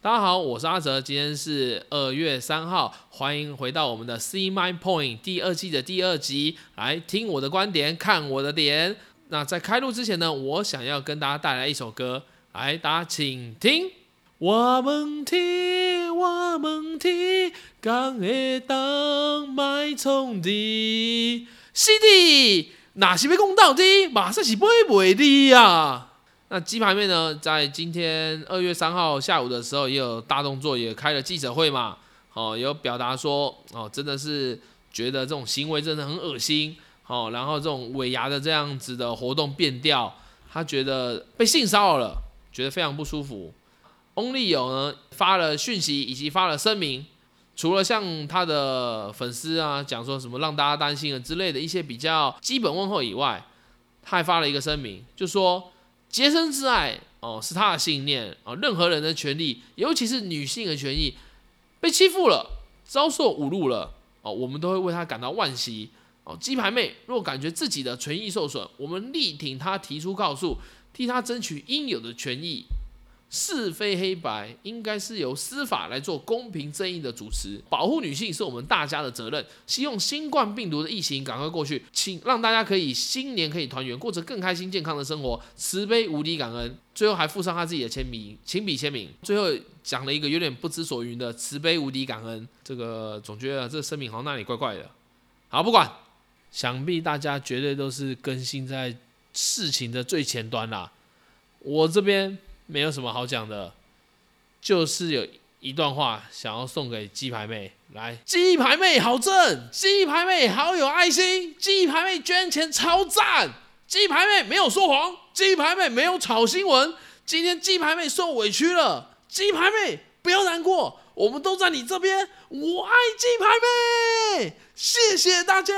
大家好，我是阿喆，今天是二月三號，歡迎回到我們的《See My Point》第二季的第二集，來聽我的觀點，看我的點。那在開錄之前呢，我想要跟大家帶來一首歌，來，大家請聽。我們聽，我們聽，敢會當買充的 cd 那是袂公道的，馬上是買袂的啊！那雞排妹呢，在今天二月三號下午的時候，也有大動作，也開了記者會嘛。哦，有表達說，哦，真的是覺得這種行為真的很惡心。哦，然後這種尾牙的這樣子的活動變調，他覺得被性騷擾了，覺得非常不舒服。翁立友呢，發了訊息以及發了聲明，除了向他的粉絲啊講說什麼讓大家擔心了之類的一些比較基本問候以外，他還發了一個聲明，就說。潔身自愛哦，是他的信念啊，哦！任何人的權利，尤其是女性的權益，被欺負了、遭受侮辱了哦，我們都會為他感到惋惜哦。雞排妹若感覺自己的權益受損，我們力挺她，提出告訴，替她爭取應有的權益。是非黑白應該是由司法來做公平正義的主持，保護女性是我們大家的責任。希望新冠病毒的疫情趕快過去，請讓大家可以新年可以團圓，過着更開心健康的生活。慈悲無敵感恩，最後還附上他自己的簽名，親筆簽名。最後講了一個有點不知所云的慈悲無敵感恩，這個總覺得這個聲明好像那裡怪怪的。好，不管，想必大家絕對都是更新在事情的最前端啦、啊。我這邊。沒有什麼好講的，就是有一段話想要送給雞排妹，來。雞排妹好正，雞排妹好有愛心，雞排妹捐錢超贊，雞排妹沒有說謊，雞排妹沒有炒新聞。今天雞排妹受委屈了，雞排妹不要難過，我們都在你這邊。我愛雞排妹，謝謝大家。